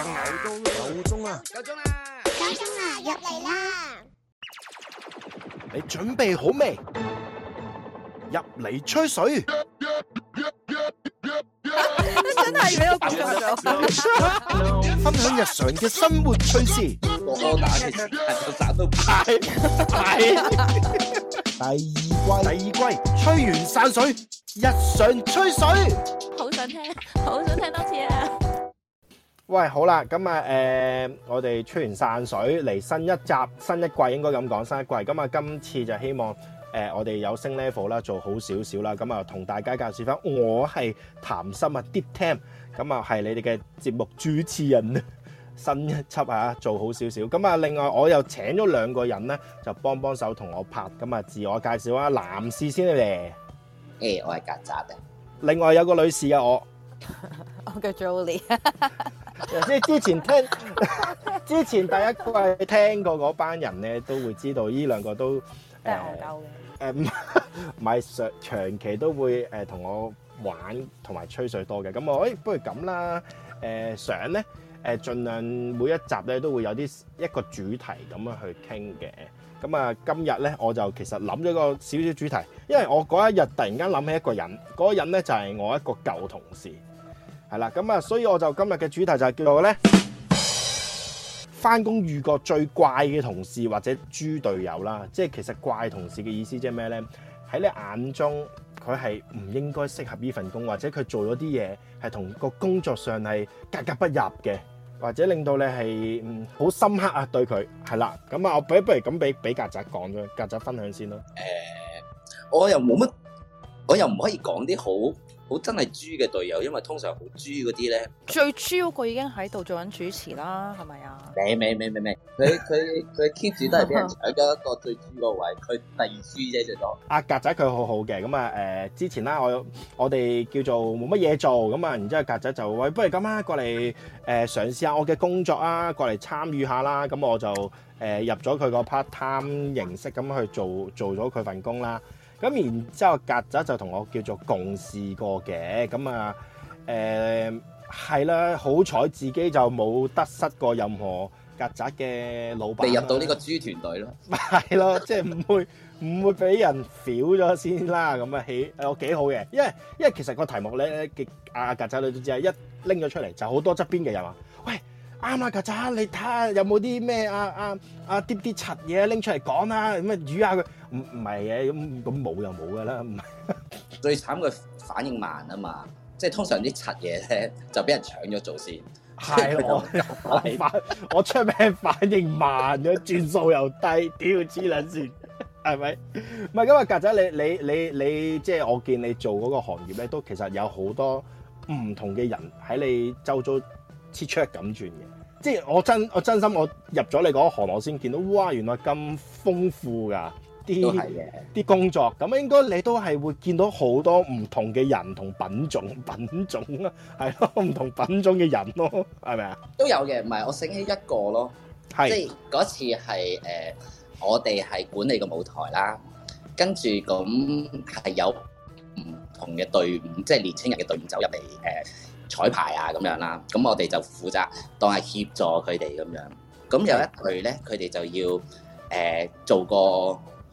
夠鐘，夠鐘啊！夠鐘啊！夠鐘啦，入嚟啦！你準備好未？入嚟吹水。真係俾我感動到。分享日常嘅生活趣事。我打嘅，我打到派派。第二季，第二季，吹完散水，日常吹水。好想聽，好想聽多次啊！喂，好啦，咁啊，誒、呃，我哋吹完散水，嚟新一集、新一季應該咁講，新一季，咁啊，今次就希望誒、呃，我哋有升 level 啦，做好少少啦，咁啊，同大家介紹翻，我係談深啊，DeepTam，咁啊，係你哋嘅節目主持人，新一輯啊，做好少少，咁啊，另外我又請咗兩個人咧，就幫幫手同我拍，咁啊，自我介紹啊，男士先嚟，誒、欸，我係曱甴啊，另外有個女士啊，我， 我叫 Jolie 女。 即係之前聽，之前第一季聽過嗰班人咧，都會知道呢兩個都都係嘅。誒唔係長長期都會誒同、呃、我玩同埋吹水多嘅。咁我誒、欸、不如咁啦，誒、呃、想咧誒盡量每一集咧都會有啲一個主題咁樣去傾嘅。咁啊今日咧我就其實諗咗個少少主題，因為我嗰一日突然間諗起一個人，嗰、那個人咧就係、是、我一個舊同事。係啦，咁啊，所以我就今日嘅主題就係叫做咧，翻工遇過最怪嘅同事或者豬隊友啦。即係其實怪同事嘅意思即係咩咧？喺你眼中佢係唔應該適合呢份工，或者佢做咗啲嘢係同個工作上係格格不入嘅，或者令到你係好深刻啊對佢。係啦，咁啊，我俾不如咁俾俾曱甴講啫，曱甴分享先咯。誒，我又冇乜，我又唔可以講啲好。好真係豬嘅隊友，因為通常好豬嗰啲咧，最豬嗰個已經喺度做緊主持啦，係咪啊？未未未未未，佢佢佢 keep 住都係俾人踩咗一個最豬個位，佢第二豬啫最多。阿格仔，佢好好嘅，咁啊誒之前啦、啊，我我哋叫做冇乜嘢做，咁啊然之後格仔就話喂，不如咁啊，過嚟誒、呃、嘗試下我嘅工作啊，過嚟參與下啦、啊，咁我就誒、呃、入咗佢個 part time 形式咁去做做咗佢份工啦、啊。咁然之後，曱甴就同我叫做共事過嘅，咁啊，誒係啦，好彩自己就冇得失過任何曱甴嘅老闆，你入到呢個豬團隊咯，係咯， 即係唔會唔會俾人屌咗先啦，咁啊起，我、呃、幾好嘅，因為因為其實個題目咧嘅啊曱甴女都知啊，一拎咗出嚟就好多側邊嘅人話，喂。啱啊，曱甴，你睇下有冇啲咩啊啊啊啲啲柒嘢拎出嚟講啦，咩煮下佢唔唔係嘅咁咁冇就冇噶啦，最慘佢反應慢啊嘛，即係通常啲柒嘢咧就俾人搶咗做先，係咯，係 嘛，我， 我出名反應慢咗， 轉數又低，屌黐撚線係咪？唔係咁啊，曱甴，你你你你即係我見你做嗰個行業咧，都其實有好多唔同嘅人喺你周遭。切咁轉嘅，即係我真我真心我入咗你嗰行，我先見到哇，原來咁豐富噶啲啲工作，咁應該你都係會見到好多唔同嘅人同品種品種啊，係咯，唔同品種嘅人咯，係咪啊？都有嘅，唔係我醒起一個咯，即係嗰次係誒、呃，我哋係管理個舞台啦，跟住咁係有唔同嘅隊伍，即係年青人嘅隊伍走入嚟誒。呃彩排啊咁樣啦，咁我哋就負責當係協助佢哋咁樣。咁有一台咧，佢哋就要誒做個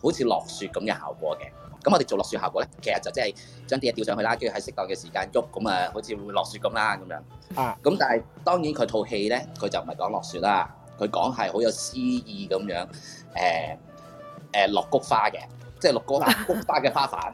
好似落雪咁嘅效果嘅。咁我哋做落雪效果咧，其實就即係將啲嘢吊上去啦，跟住喺適當嘅時間喐，咁啊，好似會落雪咁啦咁樣。啊！咁但係當然佢套戲咧，佢就唔係講落雪啦，佢講係好有詩意咁樣誒誒落菊花嘅，即係落個菊花嘅花瓣，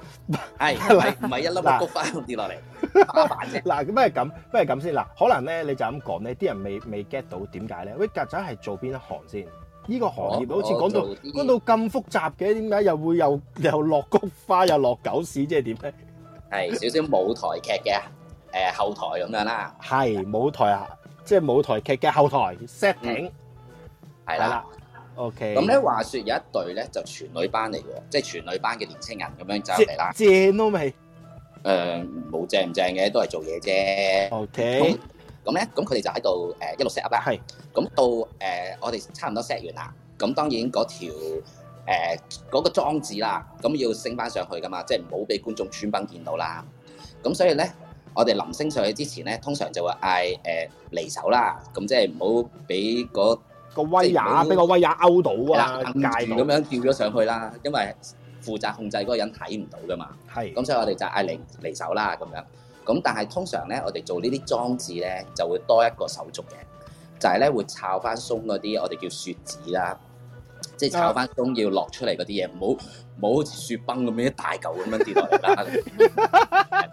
係唔係唔係一粒粒菊花咁跌落嚟？嗱，咁咩咁，咩咁先嗱？可能咧，你就咁講咧，啲人未未 get 到點解咧？喂，曱甴係做邊一行先？呢個行業好似講到講到咁複雜嘅，點解又會又又落菊花又落狗屎，即係點咧？係少少舞台劇嘅，誒，後台咁樣啦。係舞台啊，即係舞台劇嘅後台 setting。係啦，OK。咁咧，話說有一隊咧，就全女班嚟嘅，即係全女班嘅年青人咁樣走入嚟啦，正到未？誒，冇正唔正嘅，都係做嘢啫。O K，咁咧，咁佢哋就喺度誒一路 set 啊。係，咁到誒我哋差唔多 set 完啦。咁當然嗰條誒嗰個裝置啦，咁要升翻上去噶嘛，即係唔好俾觀眾穿幫見到啦。咁所以咧，我哋臨升上去之前咧，通常就會嗌誒離手啦。咁即係唔好俾嗰個威亞俾個威亞勾到啊，懸住咁樣吊咗上去啦。因為負責控制嗰個人睇唔到㗎嘛，咁所以我哋就嗌嚟離手啦咁樣。咁但係通常咧，我哋做呢啲裝置咧就會多一個手續嘅，就係、是、咧會炒翻鬆嗰啲我哋叫雪紙啦，即係炒翻鬆要落出嚟嗰啲嘢，唔、啊、好唔好好似雪崩咁樣一大嚿咁樣跌落嚟啦。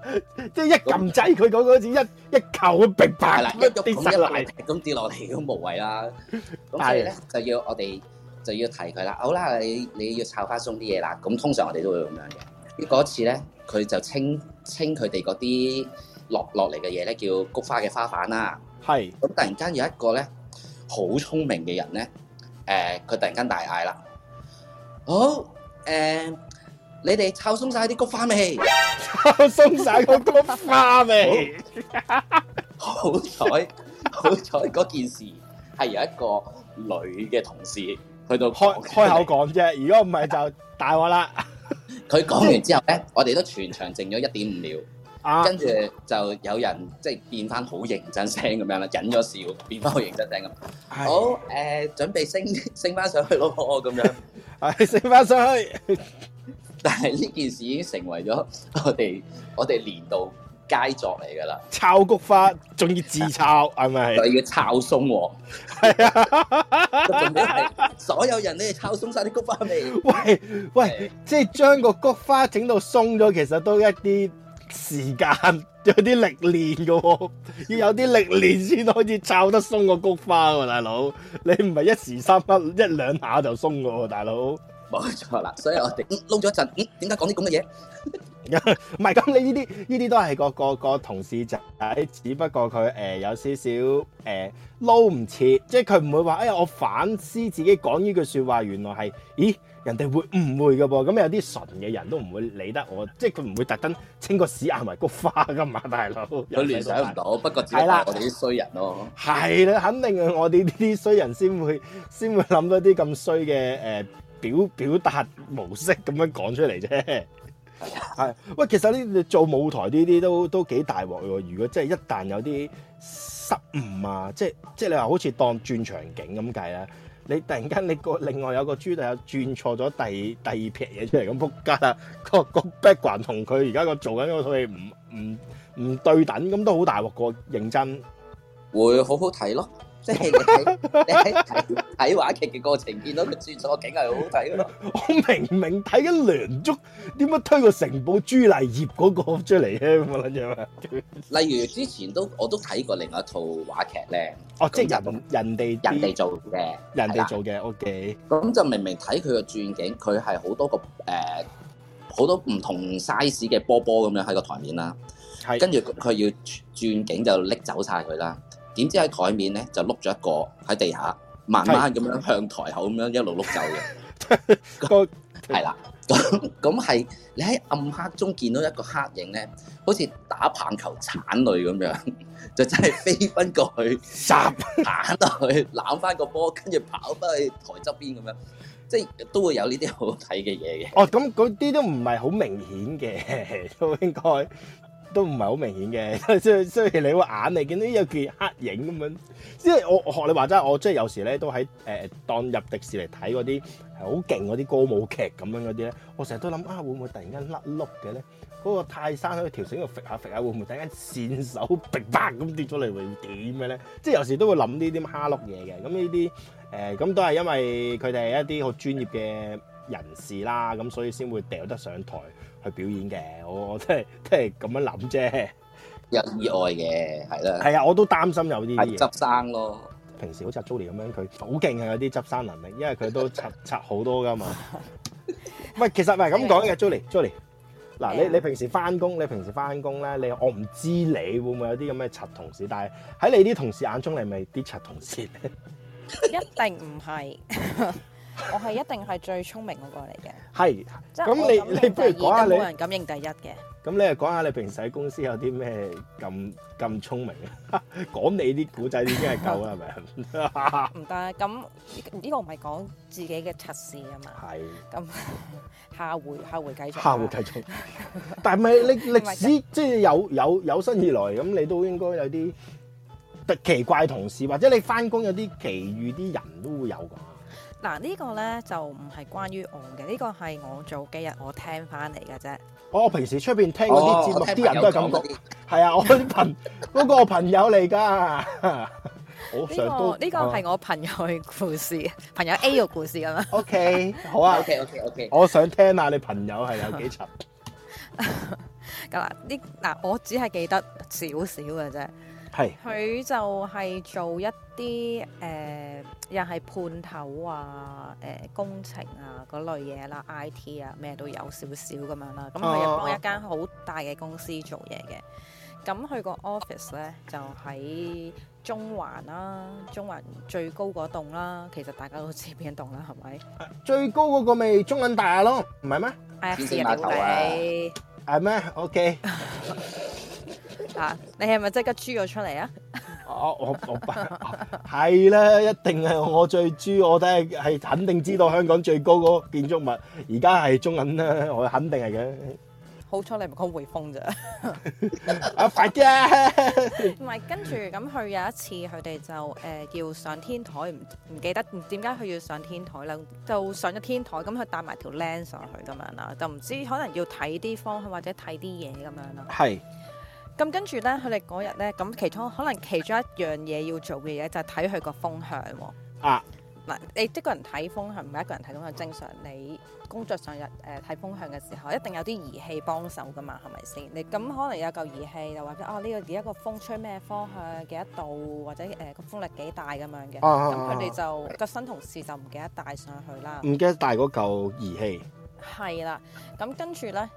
即 係、就是、 一撳掣佢嗰個似一一嚿咁平白咁一曬嚟，咁跌落嚟都無謂啦。咁所以咧就要我哋。就要提佢啦，好啦，你你要炒花鬆啲嘢啦。咁通常我哋都會咁樣嘅。嗰次咧，佢就清清佢哋嗰啲落落嚟嘅嘢咧，叫菊花嘅花瓣啦。係。咁突然間有一個咧，好聰明嘅人咧，誒、呃、佢突然間大嗌啦，好、哦、誒、呃，你哋炒鬆晒啲菊花未？炒鬆晒個菊花未？ 哦 好」好彩好彩，嗰件事係有一個女嘅同事。佢就開開口講啫，如果唔係就大鑊啦。佢講完之後咧，我哋都全場靜咗一點五秒，跟住就有人即係變翻好認真聲咁樣啦，忍咗笑變翻好認真聲咁。好誒，準備升升翻上去咯，咁樣，係升翻上去。但係呢件事已經成為咗我哋我哋年度佳作嚟噶啦，炒菊花仲要自炒，係 咪？又要炒鬆，哦，係啊！所有人咧，炒鬆晒啲菊花味。喂喂， 即係將個菊花整到鬆咗，其實都一啲時間有啲歷練噶， 要有啲歷練先可以炒得鬆個菊花，哦。大佬， 你唔係一時三刻一兩下就鬆個，哦，大佬冇錯啦。所以我哋撈咗一陣， 嗯，點解講啲咁嘅嘢？ 唔係咁，你呢啲依啲都係個個個同事仔，只不過佢誒有少少誒撈唔切，即係佢唔會話誒、哎、我反思自己講呢句説話，原來係咦人哋會誤會嘅噃，咁有啲純嘅人都唔會理得我，即係佢唔會特登清個屎眼埋菊花噶嘛，大佬，有聯想唔到，不過只係我哋啲衰人咯、哦，係啦，肯定係我哋呢啲衰人先會先會諗到啲咁衰嘅誒表表達模式咁樣講出嚟啫。係，喂，其實呢，你做舞台呢啲都都幾大鑊嘅。如果即係一旦有啲失誤啊，即係即係你話好似當轉場景咁計咧，你突然間你個另外有個豬隊友轉錯咗第第二撇嘢出嚟咁扑街啦，嗰個嗰個 background 同佢而家個做緊嗰套戲唔唔唔對等，咁都好大鑊。個認真會好好睇咯。即 係你睇，你喺睇睇話劇嘅過程，見到佢轉咗景係好好睇咯。我明明睇緊梁祝，點解推個城堡朱麗葉嗰個出嚟咧？咁嘅捻嘢咩？例如之前都我都睇過另外一套話劇咧。哦，即係人人哋人哋做嘅，人哋做嘅。OK。咁、okay，就明明睇佢個轉景，佢係好多個誒，好、呃、多唔同 size 嘅波波咁樣喺個台面啦。係。跟住佢要轉景就拎走晒佢啦。點知喺台面咧就碌咗一個喺地下，慢慢咁樣向台口咁樣一路碌走嘅，係 啦， 咁咁係你喺暗黑中見到一個黑影咧，好似打棒球鏟壘咁樣，就真係飛奔過去，砸鏟落去攬翻個波，跟住跑翻去台側邊咁樣，即係都會有呢啲好睇嘅嘢嘅。哦，咁嗰啲都唔係好明顯嘅，都應該。都唔係好明顯嘅，即係雖然你個眼嚟見到有件黑影咁樣，即係我我學你話齋，我即係有時咧都喺誒當入迪士尼睇嗰啲係好勁嗰啲歌舞劇咁樣嗰啲咧，我成日都諗啊會唔會突然間甩碌嘅咧？嗰個泰山喺條繩度揈下揈下，會唔會突然間線手劈啪咁跌咗嚟會點嘅咧？即係有時都會諗呢啲蝦碌嘢嘅，咁呢啲誒咁都係因為佢哋係一啲好專業嘅人士啦，咁所以先會掉得上台。去表演嘅，我我即係即係咁樣諗啫，有意外嘅，係啦，係啊，我都擔心有啲嘢執生咯。平時好似 Julie 咁樣，佢好勁啊！有啲執生能力，因為佢都拆拆好多噶嘛。喂， 其實唔係咁講嘅，Julie，Julie。嗱， 你你平時翻工，你平時翻工咧，你我唔知你會唔會有啲咁嘅柒同事，但係喺你啲同事眼中，你係咪啲柒同事咧？一定唔係。 我係一定係最聰明嗰個嚟嘅，係，即係冇人敢認第一嘅。咁你又，講下你平時喺公司有啲咩咁咁聰明啊？講你啲古仔已經係夠啦，係咪？唔得，咁呢個唔係講自己嘅測試啊嘛。係。咁下回下回繼續。下回繼續。但係咪？歷歷史即係有有有生以來，咁你都應該有啲特奇怪同事，或者你翻工有啲奇遇啲人都會有噶。嗱、這個、呢個咧就唔係關於我嘅，呢、這個係我早幾日我聽翻嚟嘅啫。我平時出邊聽嗰啲節目，啲、哦、人都感覺係啊，我啲朋 個朋友嚟噶。呢、 這個呢、這個係我朋友嘅故事， 朋友 A 嘅故事咁、 okay, 啊。O K，、okay, 好啊，O K、okay, O、okay. K O K，我想聽下、啊、你朋友係有幾沉？咁嗱，呢嗱我只係記得少少嘅啫。佢就係做一啲誒、呃，又係判頭啊、誒、呃、工程啊嗰類嘢啦，I T 啊咩、啊、都有少少咁樣啦。咁佢又幫一間好大嘅公司做嘢嘅。咁佢個 office 咧就喺中環啦、啊，中環最高嗰棟啦、啊。其實大家都知邊棟啦、啊，係咪、啊？最高嗰個咪中銀大廈咯，唔係咩？IFC 大樓啊！係咩？OK。 啊、你係咪即刻豬咗出嚟啊？我我我係、啊、啦，一定係我最豬，我都係係肯定知道香港最高個建築物而家係中銀啦，我肯定係嘅。好彩你唔講匯豐咋？阿發嘅。唔 係，跟住咁佢有一次佢哋就誒、呃、要上天台，唔唔記得點解佢要上天台啦？就上咗天台，咁佢帶埋條 Lens 上去咁樣啦，就唔知可能要睇啲方，或者睇啲嘢咁樣啦。係。咁跟住咧，佢哋嗰日咧，咁其中可能其中一樣嘢要做嘅嘢就係睇佢個風向啊！嗱，你一個人睇風向唔係一個人睇風向正常。你工作上日誒睇風向嘅時候，一定有啲儀器幫手噶嘛，係咪先？你咁可能有嚿儀器就或者哦呢個而家、這個風吹咩方向幾多度，或者誒個、呃、風力幾大咁樣嘅。啊咁佢哋就個新、啊、同事就唔記得帶上去啦。唔記得帶嗰嚿儀器。係啦，咁跟住咧。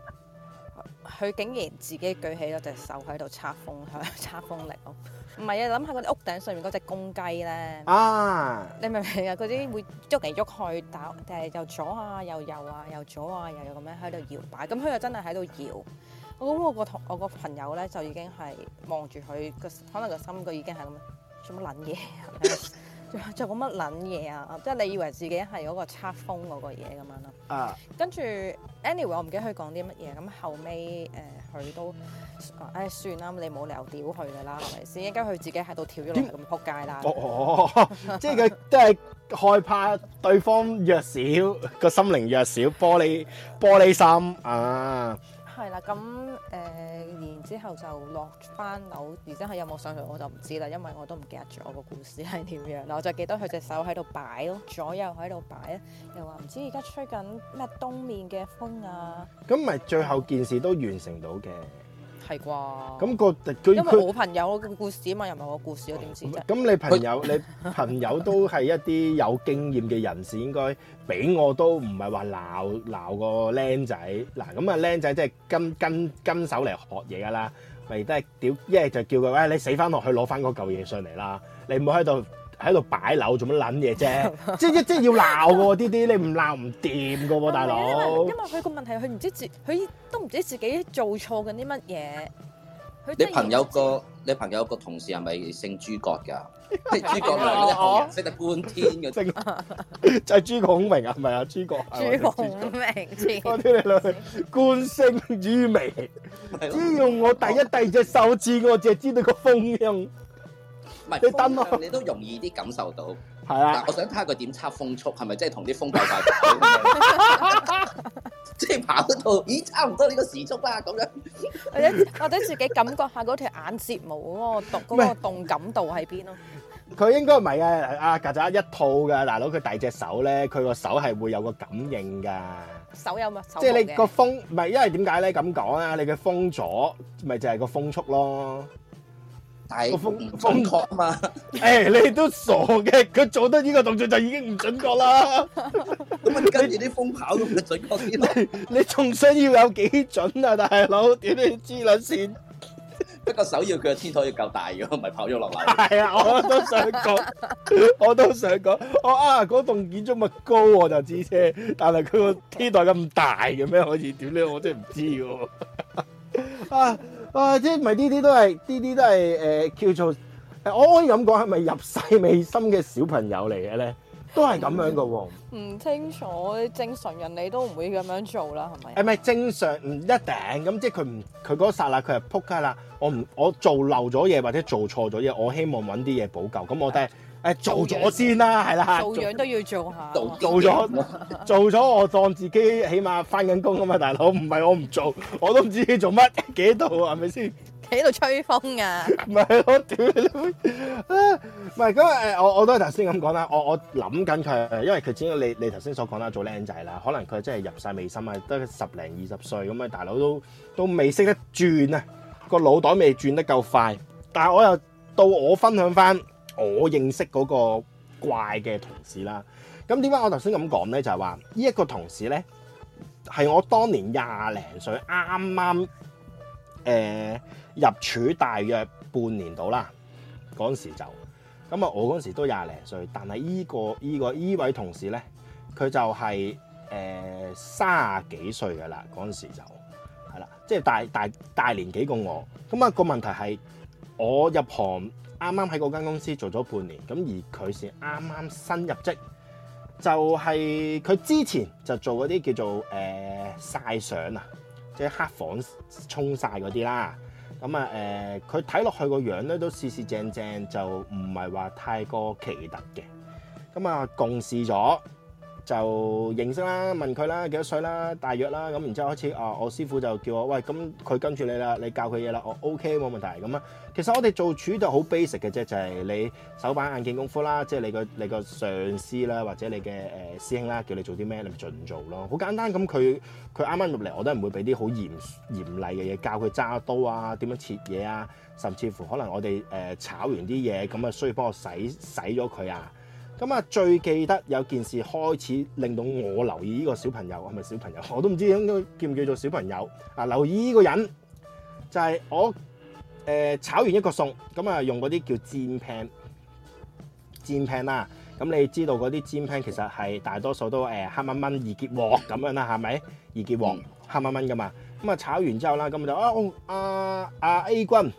佢竟然自己舉起咗隻手喺度測風向，喺度測風力咯。唔係啊，諗下嗰啲屋頂上面嗰隻公雞咧啊，你明唔明啊？嗰啲會喐嚟喐去，打誒又左啊又右啊又左啊又右咁、啊、樣喺度搖擺，咁佢又真係喺度搖。我諗我個同我個朋友咧就已經係望住佢個，可能個心佢已經係咁樣做乜撚嘢做乜撚嘢啊！即係你以為自己係嗰個測風嗰個嘢咁樣咯。啊、uh！跟住 Anyway，我唔記得佢講啲乜嘢。咁後尾誒，佢、呃、都誒算啦。你冇理由屌佢噶啦，係咪先？應該佢自己喺度跳咗落嚟咁撲街啦。即係佢都係害怕對方弱小，個 心靈弱小，玻璃玻璃心啊！係啦，咁誒、呃、然之後就落翻樓，而之後有冇上去，我就唔知啦，因為我都唔記得咗個故事係點樣。嗱，我就記得佢隻手喺度擺咯，左右喺度擺啊，又話唔知而家吹緊咩東面嘅風啊。咁咪最後件事都完成到嘅。係啩？咁個，因為我朋友個故事啊嘛，又唔係我故事啊，我點知啫？咁你朋友，你朋友都係一啲有經驗嘅人士，應該俾我都唔係話鬧鬧個僆仔。嗱，咁啊僆仔即係跟跟跟手嚟學嘢噶啦，咪都係屌，一係就叫佢喂，你死翻落去攞翻嗰嚿嘢上嚟啦，你唔好喺度。喺度擺樓做乜撚嘢啫？即即即要鬧嘅喎，啲啲你唔鬧唔掂嘅喎，大佬。因為因為佢個問題，佢唔知自，佢都唔知自己做錯緊啲乜嘢。你朋友個你朋友個同事係咪姓諸葛㗎？即諸葛亮，識得半天嘅星，就係諸葛孔明啊？係咪啊？諸葛，諸葛孔明。天官星朱明，只要我第一第二隻手指，我就係知道個風向，唔係啲燈咯，你都容易啲感受到。係啊，我想睇下佢點測風速，係咪即係同啲風計計？即 係跑到咦，差唔多呢個時速啦咁樣。或者或者自己感覺下嗰條眼睫毛嗰、嗰個動嗰感度喺邊咯。佢應該唔係嘅，阿曱甴一套㗎。大佬，佢第二隻手咧，佢個手係會有個感應㗎。手有乜？即係你個風唔係，因為點解咧咁講啊？你嘅風阻咪就係個風速咯。個風風度啊嘛，誒、哎，你都傻嘅，佢做得呢個動作就已經唔準確啦。咁 啊，你跟住啲風跑都唔準確。你你仲想要有幾準啊，大佬？點你知捻先？不過首要佢個天台要夠大唔咪跑咗落嚟。係 啊，我都想講，我都想講，我啊，嗰棟建築物高我就知啫，但係佢個天台咁大，嘅咩？可以點咧？我真係唔知喎。啊！ 啊啊！即係咪呢啲都係呢啲都係誒，叫做誒，我可以咁講，係咪入世未深嘅小朋友嚟嘅咧？都係咁樣嘅喎。唔清楚，正常人你都唔會咁樣做啦，係咪？係咪正常，唔一定咁，即係佢唔佢嗰一剎那佢係仆街啦。我唔我做漏咗嘢或者做錯咗嘢，我希望揾啲嘢補救。咁我但誒做咗先啦，係啦，做樣都要做下。做做咗，做咗我當自己起碼翻緊工啊嘛，大佬，唔係我唔做，我都唔知佢做乜幾度啊，係咪先？企喺度吹風噶？唔係我屌你，唔係咁誒，我我都係頭先咁講啦，我我諗緊佢，因為佢只你你頭先所講啦，做僆仔啦，可能佢真係入世未深啊，得十零二十歲咁啊，大佬都都未識得轉啊，個腦袋未轉得夠快，但係我又到我分享翻。我認識嗰個怪嘅同事啦，咁點解我頭先咁講咧？就係話呢一個同事咧，係我當年廿零歲啱啱誒入處大約半年度啦，嗰時就咁啊！那我嗰時都廿零歲，但係依、這個依、這個依位、這個這個、同事咧，佢就係、是、誒、呃、三十幾歲噶啦，嗰陣時就係啦，即係、就是、大大大年紀過我，咁、那、啊個問題係我入行。啱啱喺嗰間公司做咗半年，咁而佢是啱啱新入職，就係、是、佢之前就做嗰啲叫做誒曬、呃、相啊，即係黑房沖晒嗰啲啦。咁啊誒，佢睇落去個樣咧都四四正正，就唔係話太過奇特嘅。咁、嗯、啊，共事咗。就認識啦，問佢啦，幾多歲啦，大約啦，咁然之後開始啊，我師傅就叫我喂，咁佢跟住你啦，你教佢嘢啦，我 OK 冇問題咁啊。其實我哋做廚就好 basic 嘅啫，就係你手板眼見功夫啦，即係你個你個上司啦，或者你嘅誒師兄啦，叫你做啲咩你咪盡做咯，好簡單。咁佢佢啱啱入嚟我都唔會俾啲好嚴嚴厲嘅嘢教佢揸刀啊，點樣切嘢啊，甚至乎可能我哋誒炒完啲嘢咁啊，需要幫我洗洗咗佢啊。咁啊，最記得有件事開始令到我留意呢個小朋友，係咪小朋友，我都唔知應該叫唔叫做小朋友。啊，留意呢個人就係、是、我誒炒完一個餸，咁啊用嗰啲叫煎 pan 煎 pan 啦、啊。咁你知道嗰啲煎 pan 其實係大多數都誒黑蚊蚊鑊、易結鑊咁樣啦，係咪？易結鑊黑蚊蚊噶嘛。咁啊炒完之後啦，咁就哦哦，啊阿、啊、A 君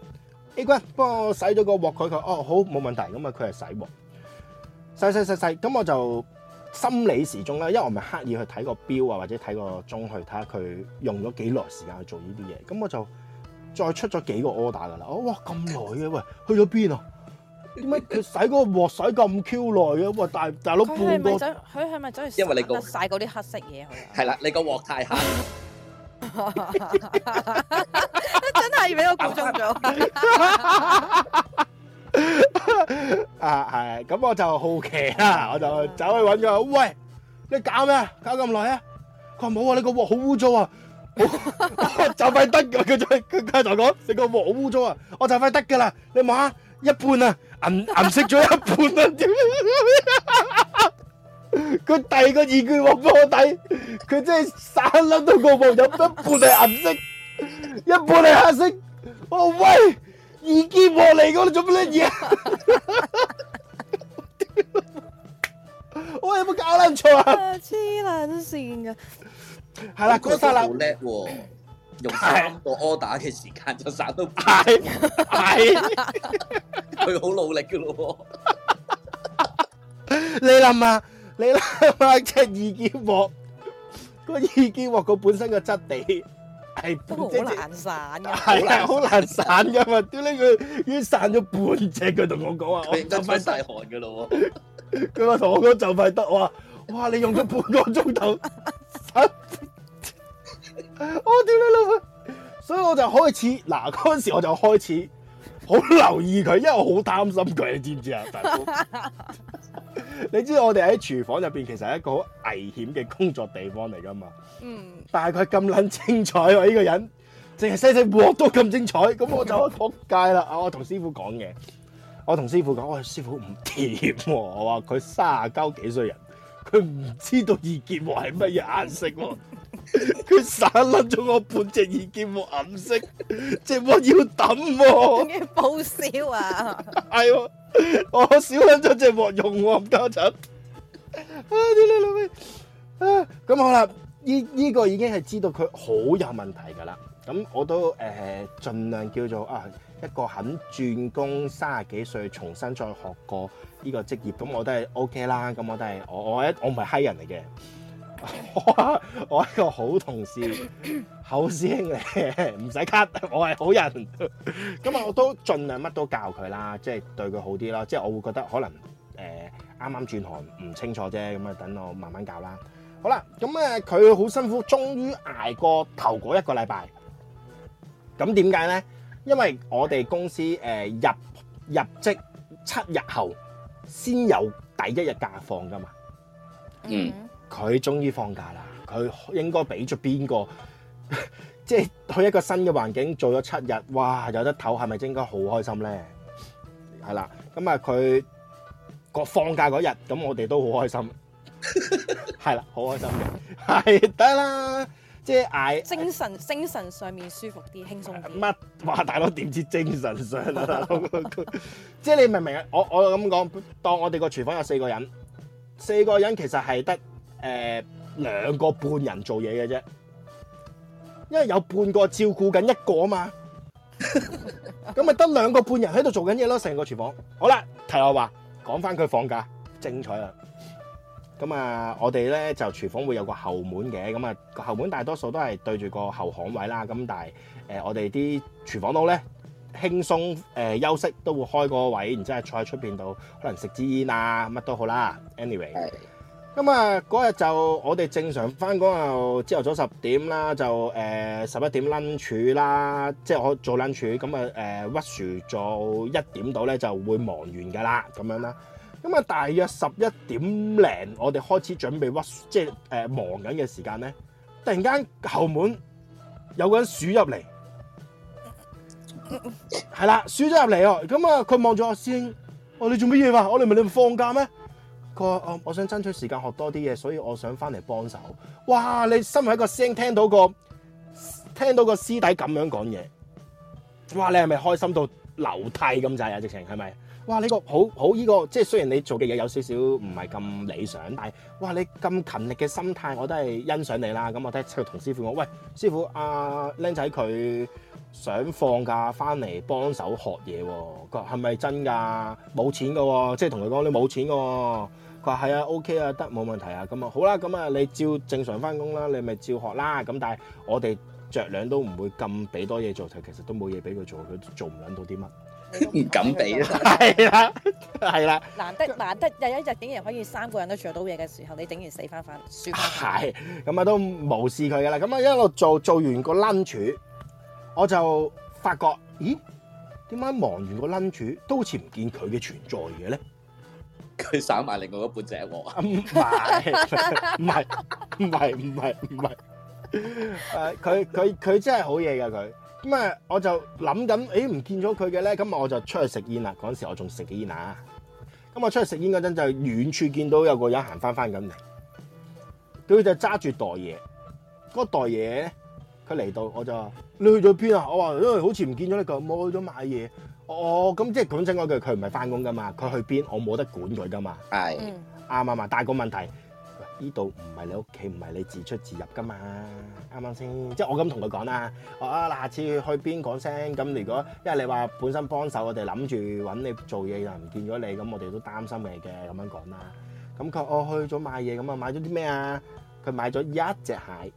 A 君幫我洗咗個鑊佢，佢哦好冇問題，咁啊佢係洗鑊。細細細細咁我就心理時鐘啦，因為我唔係刻意去睇個表啊，或者睇個鐘去睇下佢用咗幾耐時間去做呢啲嘢，咁我就再出咗幾個 order 噶啦。哦，哇咁耐嘅喂，去咗邊啊？點解佢洗嗰個鑊洗咁 Q 耐嘅？喂，大大佬半個，佢係咪在？佢係因為你個晒嗰啲黑色嘢，係啦，你個鑊太黑，真係俾我估中咗。啊，係，咁我就好奇啦，我就走去搵佢，喂，你搞咩？搞咁耐啊？佢話冇啊，你、這個鑊好污糟啊， 啊，我就快得嘅，佢就佢帶頭講，你個鑊好污糟啊，我就快得噶啦，你望下，一半啊，銀銀色咗一半啊！點？佢第二個二句鑊鍋底，佢真係散甩到個鑊有一半係銀色，一半係黑色，哦喂！二件貨嚟噶，你做乜嘢啊？我 哎、有冇搞撚錯啊？黐捻線噶，係啦，哥沙好叻喎，用三個 order 嘅時間就省到派，係佢好努力噶咯。 你諗下，你諗下，即係二件貨，個二件貨個本身個質地。係 散 半隻，係啊，好 難散噶嘛！屌你，佢，已經散咗半隻，佢同我講啊， 我收翻大汗噶咯喎！佢話同我講就快得，我話哇，你用咗半個鐘頭，我掉你老母！ 哦」 所以我就開始嗱，嗰時我就開始好留意佢，因為我好擔心佢，你知唔知啊？大佬 你知道我哋喺廚房入邊，其實係一個好危險嘅工作地方嚟㗎嘛？嗯，但係佢咁撚精彩喎，呢個人淨係細細鑊都咁精彩，咁、這個、我，我就撲街啦！ 跟說跟說跟說哎、不啊，我同師傅講嘢，我同師傅講，喂，師傅唔掂，我話佢三啊九幾歲人。佢唔知道易潔鑊係乜嘢顏色喎、啊，佢散甩咗我半隻易潔鑊暗色，隻鑊要抌喎、啊。點解報銷啊？係 喎、啊，我少甩咗隻鑊用喎，家陣啊啲你老啊，咁、 啊、好啦，呢依、這個已經係知道佢好有問題㗎啦。咁我都誒、呃、盡量叫做啊。一個肯轉工，三十幾歲重新再學過呢個職業，咁我都係 O K 啦。咁我都係我我一我唔係閪人嚟嘅，我我係一個好同事、好師兄嚟嘅，唔使 cut，我係好人。咁啊我都盡量乜都教佢啦，即係對佢好啲咯。即係我會覺得可能誒啱啱轉行唔清楚啫，咁啊等我慢慢教啦。好啦，咁啊佢好辛苦，終於挨過頭嗰一個禮拜。咁點解咧？因為我哋公司誒入入職七日後先有第一日假放噶嘛。嗯，佢終於放假啦，佢應該俾咗邊個，即係去一個新嘅環境做咗七日，哇，有得唞，係咪應該好開心咧？係啦，咁啊佢個放假嗰日，咁我哋都好開心，係 啦，好開心嘅，係得啦。即係嗌精神、啊、精神上面舒服啲，輕鬆啲。乜話大佬點知精神上啊？大佬即係 你明唔明啊？我我咁講，當我哋個廚房有四個人，四個人其實係得誒兩個半人做嘢嘅啫，因為有半個照顧緊一個啊嘛。咁咪得兩個半人喺度做緊嘢咯，成個廚房。好啦，提我話講翻佢房價，精彩啊！咁啊，我哋咧就廚房會有個後門嘅，咁、那、啊個後門大多數都係對住個後巷位啦。咁但係誒、呃，我哋啲廚房佬咧輕鬆誒、呃、休息都會開個位，然之後喺出邊度可能食支煙啊，乜都好啦。anyway，咁啊嗰日就我哋正常翻工就朝頭早十點啦，就誒十一點 lunch 啦，即係我做 lunch 咁啊誒屈住做一點到咧就會忙完㗎啦，咁樣啦。咁啊，大約十一點零，我哋開始準備屈，即係誒忙緊嘅時間咧。突然間後門有個人鼠入嚟，係啦，鼠咗入嚟哦。咁啊，佢望住我師兄，我、哦、你做乜嘢啊？我你唔你放假咩？佢話：我、哦、我想爭取時間學多啲嘢，所以我想翻嚟幫手。哇！你身為一個師兄聽，聽到個聽到個師弟咁樣講嘢，哇！你係咪開心到流涕咁滯啊？直情係咪？哇！你、呢個好好依、呢個，即係雖然你做嘅嘢有少少唔係咁理想，但係哇！你咁勤力嘅心態，我都係欣賞你啦。咁我都喺度同師傅講，喂，師傅，阿僆仔佢想放假翻嚟幫手學嘢，佢係咪真㗎？冇錢噶，即係同佢講你冇錢噶。佢話：係啊，OK 啊，得冇問題啊。咁啊，好啦，咁啊，你照正常翻工啦，你咪照學啦。咁但係我哋着兩都唔會咁俾多嘢做，其實都冇嘢俾佢做，佢做唔撚到啲乜。唔敢俾啊！係啦，係啦，難得難得有一日竟然可以三個人都做到嘢嘅時候，你竟然死翻翻算係咁啊，都無視佢噶啦。咁啊一路做做完個 lunch，我就發覺，咦，點解忙完個 lunch 都好似唔見佢嘅存在嘅咧？佢散埋另外一半隻鵝，唔係，唔係，唔係，唔係，唔 係、啊，誒，佢佢佢真係好嘢噶佢。咁誒，我就諗緊，誒、欸、唔見咗佢嘅咧，咁我就出去食煙啦。嗰陣時我仲食煙啊。咁我出去食煙嗰陣，就遠處見到有個人行翻翻咁嚟，佢就揸住袋嘢，嗰袋嘢佢嚟到，我就話你去咗邊啊？我話因為好似唔見咗呢個，冇去咗買嘢。哦，咁即係講真嗰句，佢唔係翻工噶嘛，佢去邊我冇得管佢噶嘛。係、嗯，啱啊嘛，但係個問題。呢度唔係你屋企，唔係你自出自入噶嘛，啱啱先？即係我咁同佢講啦，我話下次去邊講聲，咁如果因為你話本身幫手，我哋諗住揾你做嘢又唔見咗你，咁我哋都擔心你嘅咁樣講啦。咁佢，我去咗買嘢，咁啊買咗啲咩啊？佢買咗一隻蟹、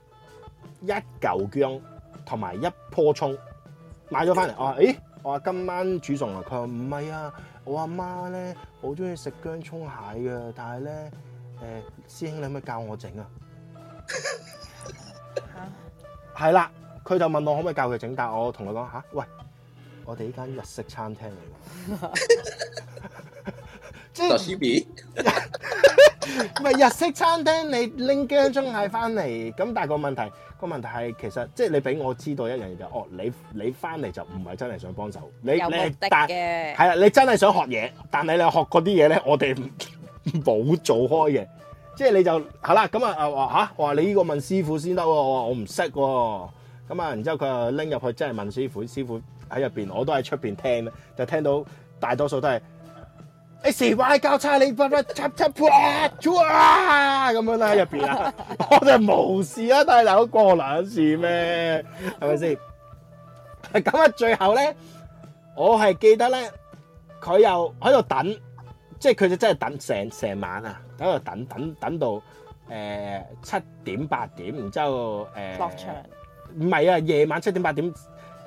一嚿薑同埋一樖葱，買咗翻嚟。我話誒，我話今晚煮餸啊。佢話唔係啊，我阿媽咧好中意食薑葱蟹嘅，但係咧。誒，師兄，你可唔可以教我整啊？吓、啊，係啦，佢就問我可唔可以教佢整，但係我同佢講吓，喂，我哋呢間日式餐廳嚟嘅。 即係，唔 The 係 日式餐廳，你拎薑蔥蟹翻嚟，咁但係個問題，個問題係其實即係你俾我知道一樣嘢，哦，你你翻嚟就唔係真係想幫手，你你有有但嘅。係啊，你真係想學嘢，但係你，你學嗰啲嘢咧，我哋。冇做開嘅，即係你就係啦，咁啊，話吓，話你呢個問師傅先得，我我唔識，咁啊，然之後佢就拎入去，真係問師傅，師傅喺入邊，我都喺出邊聽咧，就聽到大多數都係 S Y 交叉， 欸、你乜乜七七破啊，咁樣啦喺入邊啊， 我就冇事啊，但係大佬過難事咩，係咪先？咁啊， 最後咧，我係記得咧，佢又喺度等。即係佢就真係等成成晚啊，喺度等等等到誒七點八點，呃、然之後誒落場。唔、呃、係啊，夜晚七點八點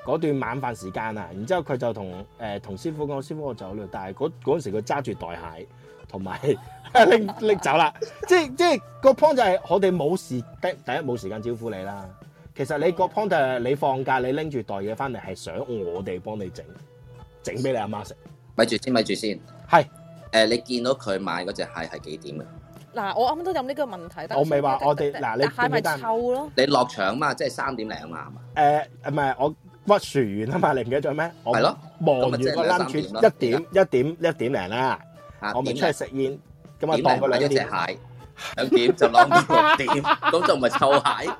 嗰段晚飯時間啊，然之後佢就同誒同師傅講：師傅我走啦。但係嗰嗰陣時佢揸住袋蟹同埋拎拎走啦。 即係即係個 point 就係我哋冇時第一冇時間招呼你啦。其實你個 point 就係你放假你拎住袋嘢翻嚟係想我哋幫你整整俾你阿媽食。咪住先，咪住先，係。誒、呃，你見到佢買嗰隻蟹係幾點嘅？嗱、啊，我啱啱都有呢個問題，但我咪話我哋嗱，你蟹咪臭咯？你落場嘛，即係三點零啊嘛。誒，唔係我屈樹完啊嘛，你唔記得咗咩？我係咯，望住個欖一點一點一點零啦、啊。我唔出去食煙，點望過嚟嗰隻蟹？點，點，點，點，點，點，點，點，點就兩點， 點就唔係臭蟹？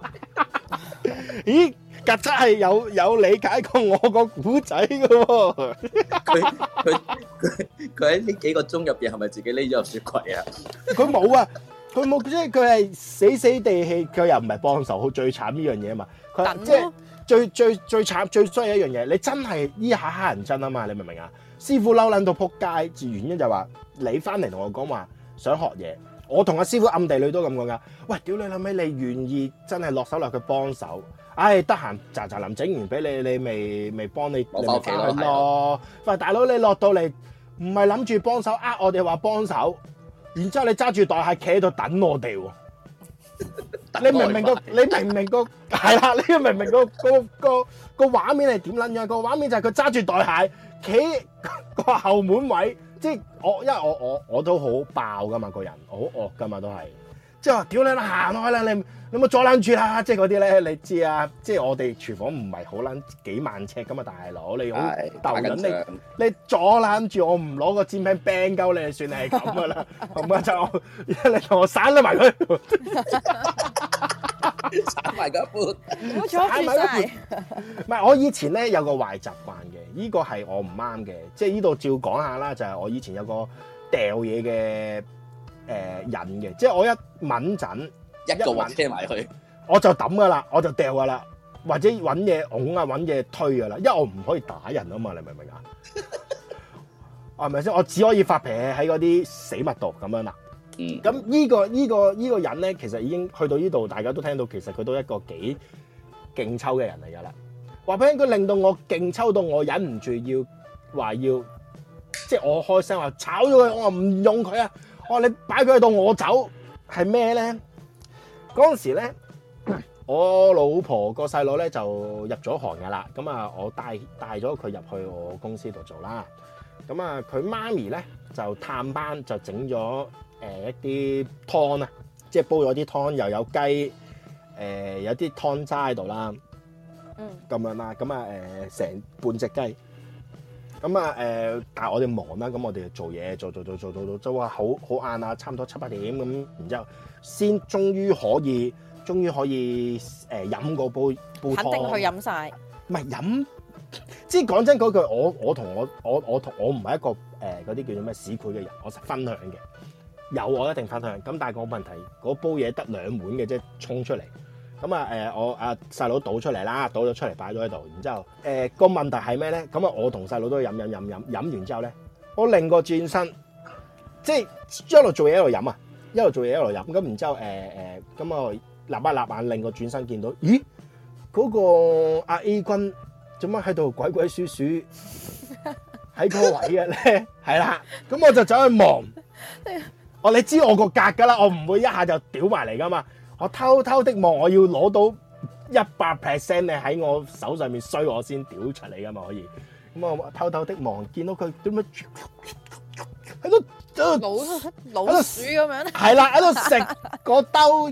咦？曱甴係有有理解過我個古仔噶，佢佢佢佢喺呢幾個鐘入邊係咪自己匿咗入雪櫃啊？佢冇啊，佢冇即係佢係死死地氣，佢又唔係幫手，最慘呢樣嘢啊嘛！即係最最最慘最衰一樣嘢，你真係呢下乞人憎啊嘛！你明唔明啊？師傅嬲撚到扑街，主要原因就話你翻嚟，同我講話想學嘢，我同阿師傅暗地裏都咁講噶。喂，屌你諗起你願意真係落手落去幫手？唉，得閒喳喳林整完俾你，你咪咪幫你，你咪幾攤咯。唔係，大佬，你落到嚟唔係諗住幫手呃我哋話幫手，然之後你揸住袋蟹企喺度等我哋喎 明。 你明唔明個？你明唔明個？係啦，你明唔明 個？個個個畫面係點撚樣？個畫面，畫面就係佢揸住袋蟹，企個後門位，即係我，因為我我我都好爆噶嘛，個人好惡噶嘛，都係。即係話，屌你啦，行開啦，你你唔好阻攬住啦，即係嗰啲咧，你知啊？即係我哋廚房唔係好攬幾萬尺咁啊，大佬，你用鬥緊嘅，你阻攬住我唔攞個煎餅餅鳩，你算 你係咁噶啦，唔該就你同我散甩埋佢， My God. 散埋個盤，我坐住，唔係，我以前咧有個壞習慣嘅，呢個係我唔啱嘅，即係呢度照講下啦，就係、係、我以前有個掉嘢嘅。誒忍嘅，即係我一敏陣一個運車埋去，我就抌噶啦，我就掉噶啦，或者揾嘢拱啊，揾嘢推噶啦，因為我唔可以打人啊嘛，你明唔明啊？係咪先？我只可以發脾氣喺嗰啲死物度咁樣啦。嗯，咁依個依個依個人咧，其實已經去到呢度，大家都聽到，其實佢都一個幾勁抽嘅人嚟噶啦。話俾你聽，佢令到我勁抽到我忍唔住要話要，即係我開聲話炒咗佢，我話唔用佢啊。哦，你擺佢喺度我走，係咩咧？嗰陣時咧，我老婆個細佬咧就入咗行㗎啦。咁啊，我帶帶咗佢入去我公司度做啦。咁啊，佢媽咪咧就探班，就整咗誒一啲湯啊，即係煲咗啲湯，又有雞，誒、呃、有啲湯渣喺度啦。咁樣啦，咁啊誒，成、呃、半隻雞。咁啊誒，但係我哋忙啦，咁我哋做嘢做做做做做做，都話好好晏啊，差唔多七八點咁，然之後先終於可以，終於可以誒飲個煲煲湯。肯定去飲晒，唔係飲，即係講真嗰句，我我同我我我同我唔係一個誒嗰啲叫做咩市儈嘅人，我分享嘅，有我一定分享。咁但係個問題，嗰煲嘢得兩碗嘅啫，衝出嚟，咁、嗯、啊，誒我啊細佬倒出嚟啦，倒咗出嚟擺咗喺度，然之後誒個、嗯、問題係咩咧？咁、嗯、啊，我同細佬都飲飲飲飲飲完之後咧，我另個轉身，即、就、係、是、一路做嘢一路飲啊，一路做嘢一路飲，咁然之後誒誒，咁我立下立眼，另個轉身見到咦，嗰個阿 A 君做乜喺度鬼鬼祟祟喺個位啊咧？係、嗯、啦，咁我就走去望。哦、嗯，你知我個格噶啦，我唔會一下就屌埋嚟噶嘛。蜜蜜我偷偷的望，我要攞到一百 percent，你喺我手上面衰我先屌出你噶嘛可以？咁我偷偷的望，見到佢點樣喺度老老鼠咁樣。係啦，喺度食嗰兜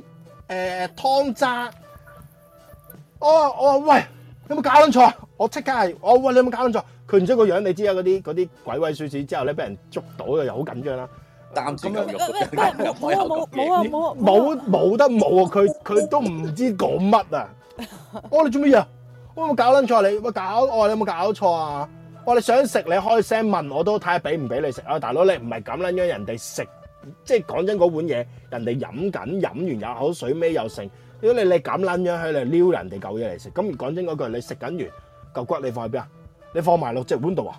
誒湯渣。哦哦，喂，你有冇搞錯？我即刻係，我喂，你有冇搞錯？佢唔知個樣，你知啊？嗰啲啲鬼鬼祟祟之後咧，俾人捉到又好緊張啦。擔心咁樣，又開又焗嘢。冇冇得冇啊！佢佢都唔知講乜啊！我你做咩嘢？我有冇搞撚錯你？我搞我有冇搞錯啊？我你想食你開聲問我都睇下俾唔俾你食啊！大佬你唔係咁撚樣，人哋食即係講真嗰碗嘢，人哋飲緊飲完有口水尾又剩。如果你你咁撚樣喺度撩人哋嚿嘢嚟食，咁講真嗰句，你食緊完嚿骨你放去邊啊？你放埋落隻碗度啊！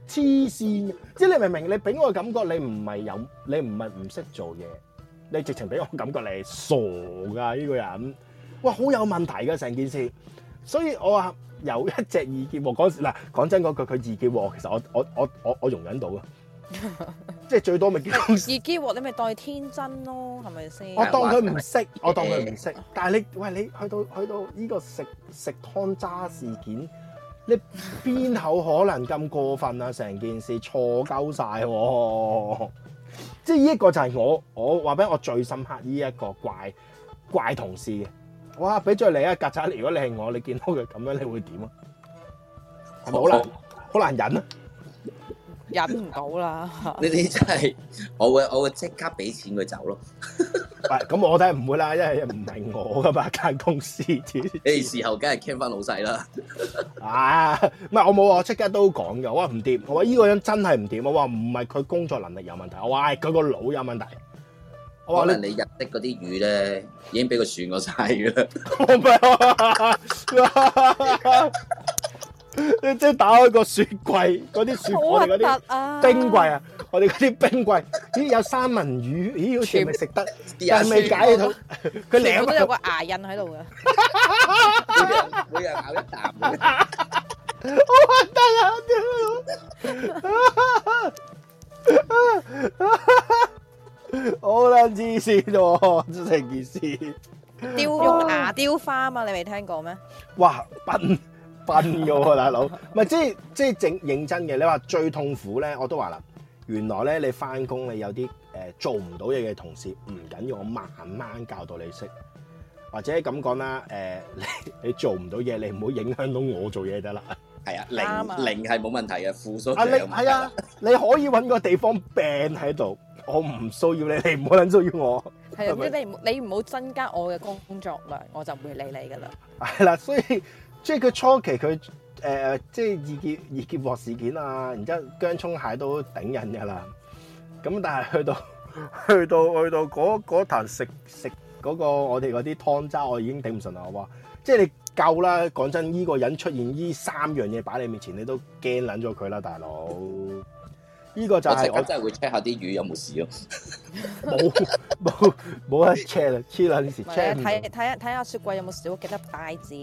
黐線！即係你明唔明？你俾我嘅感覺，你唔係有，你唔係唔識做嘢，你直情俾我感覺你係傻㗎呢個人。哇，好有問題㗎成件事。所以我話有一隻二結鑊嗰時嗱，講真嗰句佢二結鑊，其實我我我我我容忍到啊。即係最多咪結二結鑊，你咪當佢天真咯，係咪先？我當佢唔識，我當佢唔識。但係你喂，你去到去到呢個食食湯渣事件。你邊口可能咁過分啊？成件事錯鳩曬，即係呢一個就係我我話俾我最深刻呢一個怪怪同事嘅。哇！俾咗你啊，曱甴，如果你係我，你見到佢咁樣，你會點啊？係咪好、嗯、難好難忍啊！忍唔到啦！你你真係，我會我會即刻俾錢佢走咯。咁我睇唔會啦，因為唔係我噶嘛間 公司， 你時候梗係傾翻老細啦。啊，唔係我冇話，我即刻都講嘅。我話唔掂，我話呢個人真係唔掂。我話唔係佢工作能力有問題，我話係佢個腦有問題。我話可能你入的嗰啲魚咧，已經俾佢算過晒啦。你即係打開個雪櫃，嗰啲雪櫃嗰啲冰櫃啊，我哋嗰啲冰櫃，咦 有三文魚，咦好似未食得，但係未解到。佢舐下都有個牙印喺度噶，每日每日咬一啖，好核突啊你，我諗知先咯，成件事雕用牙雕花嘛，你未聽過咩？哇笨！分噶喎，大佬，唔係即係即係正認真嘅。你話最痛苦咧，我都話啦，原來咧你翻工，你有啲誒、呃、做唔到嘢嘅同事，唔緊要，我慢慢教到你識，或者咁講啦，誒、呃，你你做唔到嘢，你唔好影響到我做嘢得啦。係啊，零啊零係冇問題啊。負數係啊，你可以揾個地方病喺度，我唔騷擾你，你唔好諗騷擾我，總啊，你你唔好增加我嘅工工作量，我就唔會理你噶啦。係啦、啊，所以。即係佢初期佢誒、呃、即係易潔易潔鑊事件啊，然之後姜葱蟹都頂人㗎啦。咁但係去到去到去到嗰嗰壇食食嗰、嗰個我哋嗰啲湯渣，我已經頂唔順啦。好話即係你夠啦，講真，依、呢個人出現呢三樣嘢擺你面前，你都驚撚咗佢啦，大佬。依、呢個就係我真係會 check 下啲魚有冇事咯、啊。冇冇冇得 check 啦，黐撚線。睇睇睇下雪櫃有冇少幾粒帶子。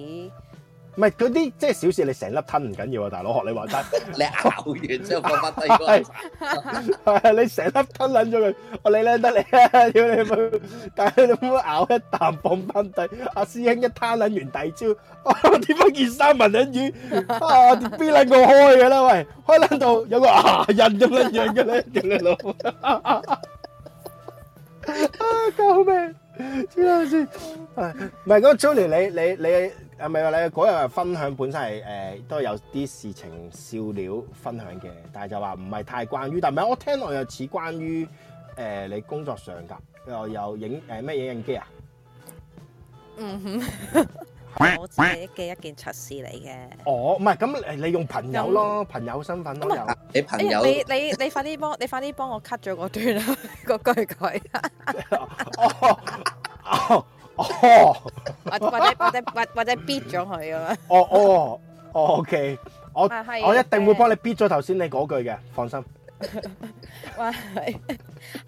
唔係嗰啲即係小事，你成粒吞唔緊要啊！大佬，學你話齋，你咬完之後放翻低啩？係係，你成粒吞撚咗佢，我理撚得你啊！屌你老母，但係你冇咬一啖放翻低。阿師兄一攤撚完第二招，我點解件三文撚魚？啊，邊撚個開嘅咧？喂，開撚到有個牙印咁撚樣嘅咧？屌你老母！啊，咁好味！黐撚線。係，唔係嗰個 Julie？你你你。啊，咪你嗰日分享本身係誒、呃、都有啲事情笑料分享嘅，但係就話唔係太關於，但係我聽落又似關於誒、呃、你工作上㗎，又有影誒咩、呃、影印機啊？嗯哼，我自己嘅一件雜事嚟嘅。哦，唔係咁，你用朋友咯，朋友身份都、嗯、有。你朋友、欸，你你你快啲幫你快啲幫我 cut 咗嗰段啦，嗰句佢。 哦哦哦、oh，或者或者或者或或者 beat 咗佢咁啊？哦哦，OK，哦我我一定會幫你 beat 咗頭先你嗰句嘅，放心。話、啊、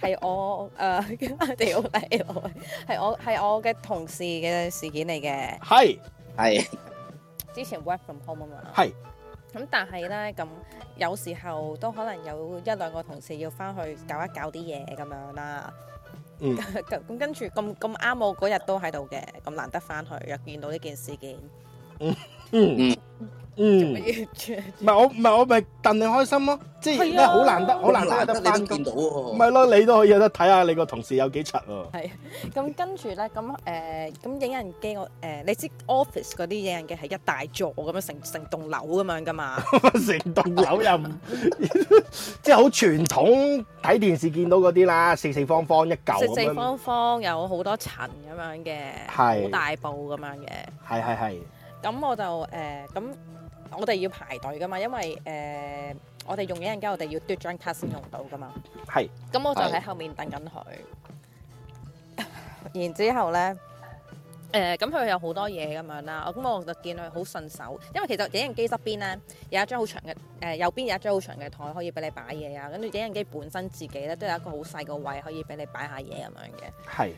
係我誒，屌、啊、係我係我嘅同事嘅事件嚟嘅，係係之前 work from home 啊嘛，係咁但係咧，咁有時候都可能有一兩個同事要翻去搞一搞啲嘢咁樣啦。咁、嗯、 跟住咁咁啱，我嗰日都喺度嘅，咁難得翻去又見到呢件事件。嗯嗯嗯。嗯，唔係我，唔係我咪戥你開心咯，即係咩好難得好難，難，難得翻工，唔係咯你都、啊、可以有得睇下你個同事有幾賊喎。咁跟住咧，咁誒咁影印機我誒、呃、你知 office 嗰啲影印機係一大座咁樣成成棟樓咁樣噶嘛，成棟樓又 即係好傳統睇電視見到嗰啲啦，四四方方一嚿，四四方方有好多層咁樣嘅，好大部咁樣嘅，係係係。咁我就誒咁。呃我哋要排隊噶嘛，因為誒、呃、我哋用影印機，我哋要嘟張卡先用到噶嘛。係。咁我就喺後面等緊佢。然之後咧，誒咁佢有好多嘢咁樣啦。咁我就見佢好順手，因為其實影印機側邊咧有一張好長嘅誒、呃，右邊有一張好長嘅台可以俾你擺嘢啊。跟住影印機本身自己咧都有一個好細個位可以俾你擺下嘢咁樣嘅。係。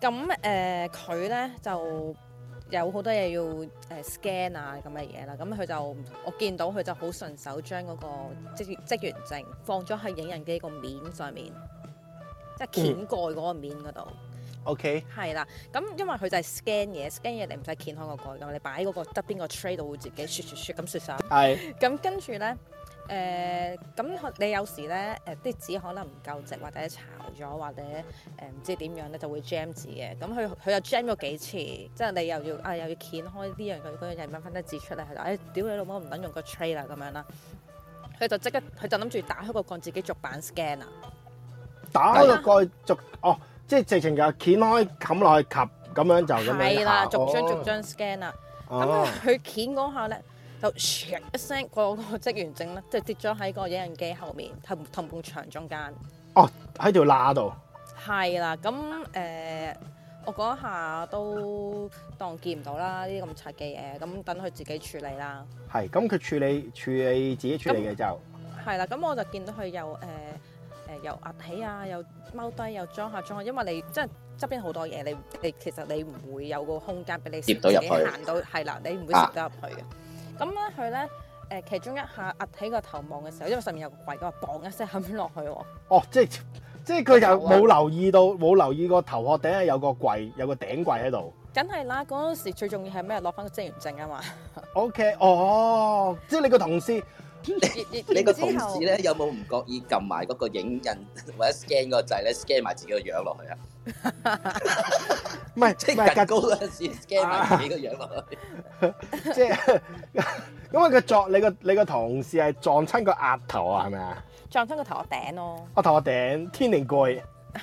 咁誒佢咧就。有好多嘢要誒 scan 啊咁嘅嘢啦，咁佢就我見到佢就好順手將嗰個職職員證放咗喺影印機個面上面，即係掀蓋嗰個面嗰度。OK。係啦，咁因為佢就係 scan 嘢，scan 嘢你唔使掀開個蓋，咁你擺喺嗰個側邊個 tray 度會自己雪雪雪咁雪曬。係。咁跟住咧。誒、嗯、咁你有時咧，誒啲紙可能唔夠直，或者巢咗，或者誒唔、呃、知點樣咧，就會 jam 紙嘅，咁佢佢又 jam 咗幾次，即係你又要啊又要鉸開呢、呢個、樣佢嗰樣嘢掹分得紙出嚟，佢就哎，屌你老母唔等用個 tray 啦咁樣啦，佢就即刻佢就諗住打開個蓋自己逐版 scan 啊，打開個蓋逐哦，即係直情就鉸開冚落去及咁樣就咁樣下，逐張、哦、逐張 scan 啊，咁佢鉸嗰下咧。就一聲，個個職員整咧，就跌咗喺個影印機後面，同埲牆中間。哦，喺條罅度。係啦，咁誒，我嗰下都當見唔到啦，呢啲咁柒嘅嘢，咁等佢自己處理啦。係，咁佢處理處理自己處理嘅就。係啦，咁我就見到佢又誒誒又壓起啊，又踎低，又裝下裝，因為你即係側邊好多嘢，你你其實你唔會有個空間俾你，攝到入去。行到係啦，你唔會攝得入去嘅。咁咧，佢咧誒其中一下壓起個頭望嘅時候，因為上面有個櫃，咁啊，砰一聲撳落去喎。哦，即即佢又冇留意到，冇留意個頭殼頂咧有個櫃，有個頂櫃喺度。梗係啦，嗰陣時最重要係咩？攞翻個職員證啊嘛。OK，哦，即你個同事，你你你個同事咧有冇唔覺意撳埋嗰個影印或者 scan 個掣咧，scan 埋自己個樣落去啊？唔 係，即係格高嗰陣時，send 自己個樣落去。 即係，因為個作你，你個你個同事係撞親個額頭啊，係咪啊？撞親個頭殼頂咯，我頭殼頂，天靈蓋。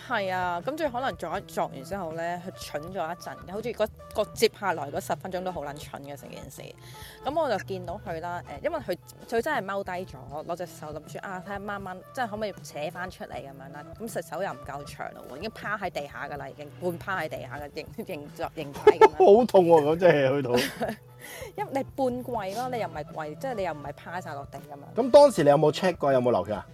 係啊，咁最可能撞一撞完之後咧，佢蠢咗一陣，好似個接下來嗰十分鐘都好撚蠢嘅成件事。咁我就見到佢啦，誒，因為佢佢真係踎低咗，攞隻手諗住啊，睇下掹掹，即係可唔可以扯翻出嚟咁樣啦？咁實手又唔夠長咯，已經趴喺地下噶啦，已經半趴喺地下嘅，形作形態咁樣。好痛喎、啊！咁即係去到， 因為你半跪咯，你又唔係跪，即係你又唔係趴晒落地咁樣。咁當時你有冇 check 過有冇流血啊？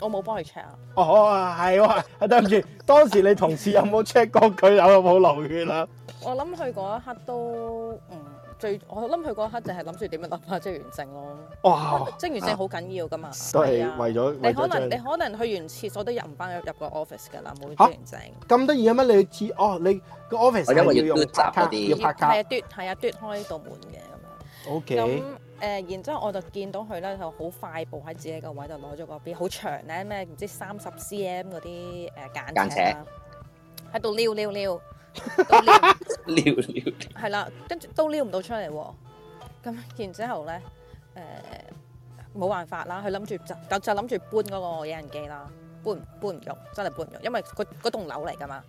我冇幫佢 check 啊！哦，係喎，對唔住， 當時你同事有冇 check 過佢有冇流血啊？我諗佢嗰一刻都嗯，最我諗佢嗰一刻就係諗住點樣攞翻職員證咯。哇、哦！職員證好緊要噶嘛，都、啊、係、啊、為咗你可能、就是、你可能去完廁所都入唔翻入個 office 㗎啦，冇職員證。咁得意啊？咩？你知，哦，你個 office 因為要用卡，要，要拍卡，係啊，嘟，係啊，嘟開道門嘅咁樣。OK。誒，然之後我就見到佢咧，就好快步喺自己個位度攞咗個 B，好長咧，咩唔知三十 CM 嗰啲，誒間尺，喺度撩撩撩，撩撩，係啦，跟住都撩唔 到出嚟喎。咁然之後咧，誒、呃、冇辦法啦，佢諗住就就就諗住搬嗰個飲水機啦，搬搬唔郁，真係搬唔郁，因為佢嗰棟樓嚟㗎嘛。